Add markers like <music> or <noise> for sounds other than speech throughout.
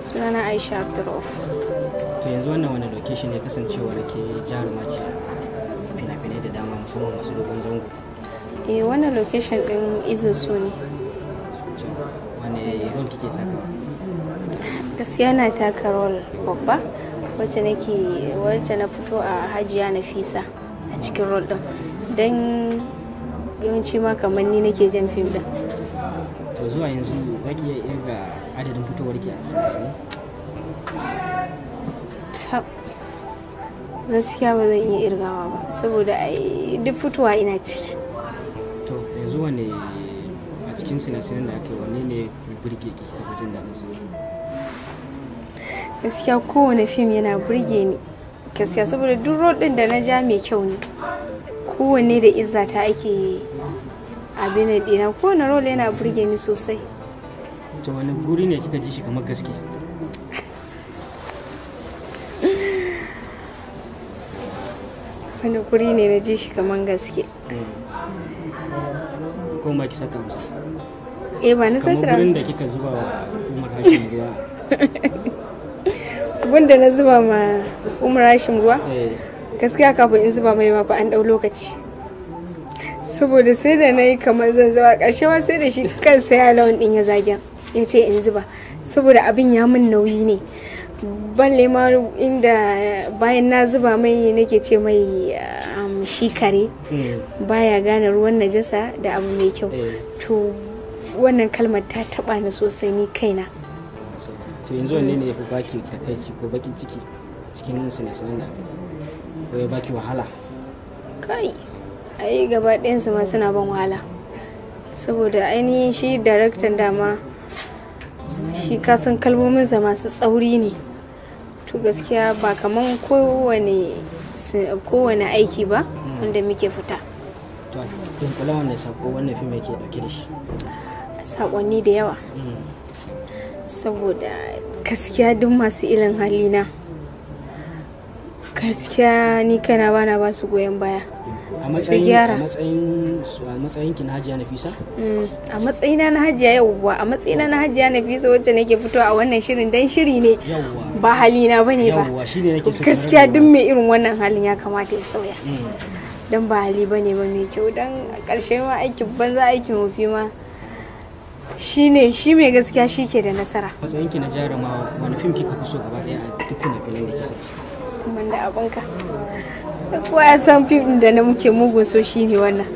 sunana aisha abdurrauf to yanzu wannan wani location ne da ke jaruma ce fina-finai da dama musamman masu dogon zango eh wannan location din izin so ne wani rol kike taka gaskiya na taka rol babba wacce nake wacce na fito a hajiya fisa a cikin rol din don yawanci ma kamar ni nake jan fim din to zuwa yanzu zaki iya ga. adadin fitowar ki a sanasai gaskiya ba zan iya irgawa ba saboda duk fitowa ina ciki to yanzu wane a cikin sinasirin da aka yi wane ne burge ki kika da daɗin sauri gaskiya kowane fim yana burge ni gaskiya saboda duk rodin da na ja mai kyau ne kowanne da izza ta ake abin da dina kowane rola yana burge ni sosai to wani guri ne kika ji shi kamar gaske wani guri ne na ji shi kamar gaske eh. ko ma ki sata musu eh ba na sata musu gurin da kika zuba wa umar hashim ruwa <laughs> gun da na zuba ma umar hashim ruwa eh. gaskiya kafin in zuba mai ma an dau lokaci saboda sai da na yi kamar zan zuba ƙarshe ma sai da shi kansa ya lawan din ya zagen ya ce in zuba saboda abin ya min nauyi ne balle ma inda bayan na zuba mai nake ce mai um, shi kare hmm. baya gane ruwan najasa da abu mai kyau eh. to wannan kalmar ta taba ni sosai ni kaina to yanzu wanne ne ya fi baki takaici ko bakin ciki cikin sinasinan da ko ya baki wahala kai ayi gaba ɗayansu ma suna ban wahala saboda ainihin shi daraktan dama shi kasan kalmominsa masu tsauri ne to gaskiya ba kaman kowane kowane aiki ba wanda muke fita to kula wannan sako wannan yake da sakonni da yawa mm. saboda gaskiya duk masu ilin halina gaskiya ni kana bana ba su goyon baya a matsayin ki na hajiya nafisa mm, a matsayina na hajiya yauwa a matsayina na hajiya nafisa wacce nake fitowa a wannan shirin dan shiri ne ba halina ba ne ba gaskiya duk mai irin wannan halin ya kamata ya sauya mm. don ba hali ne ba mai kyau don karshe ma aikin banza aikin wofi ma shi ne shi mai gaskiya shi ke da nasara matsayinki na jarumawa wani fim kika fi so gaba daya a duk fina da kika fi man abinka ya san fim da na muke mugun so ne wannan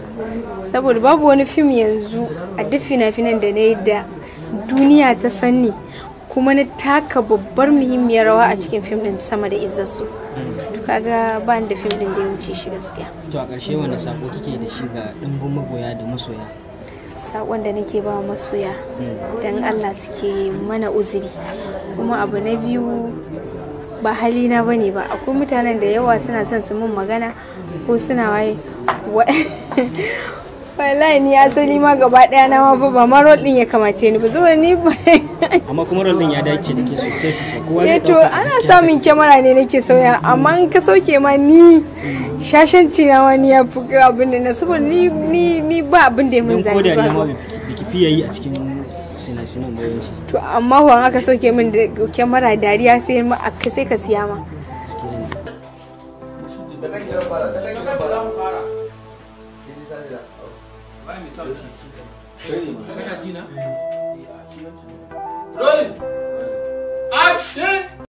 saboda babu wani fim yanzu a duk fina-finan da na yi da duniya ta sanni kuma na taka babbar muhimmiyar rawa a cikin fim din sama da izzarsu ga ba da fim din da ya wuce shi gaskiya to a ƙarshe wanda sako kike da shi ga ɗimbin magoya da masoya sakon da nake ba masoya hmm. don allah suke mana uzuri kuma abu na biyu ba halina ba ne ba akwai mutanen da yawa suna son su mun magana ko suna waye <laughs> wallahi ni asali ma gaba daya na ma ba ma rol din ya kamace ni ba zo ni ba <laughs> amma kuma rol din ya dace da ke sosai sosai kowa ya eh to ana samun kyamara ne nake sauya amma in ka sauke ma ni shashanci na wani ya fi abin da na saboda ni ni ba abin da ya mun zani ba ko da ya ma biki yi a cikin bayan shi to amma wan aka sauke min da kyamara dariya sai ma aka sai ka siya ma Rolling! Action!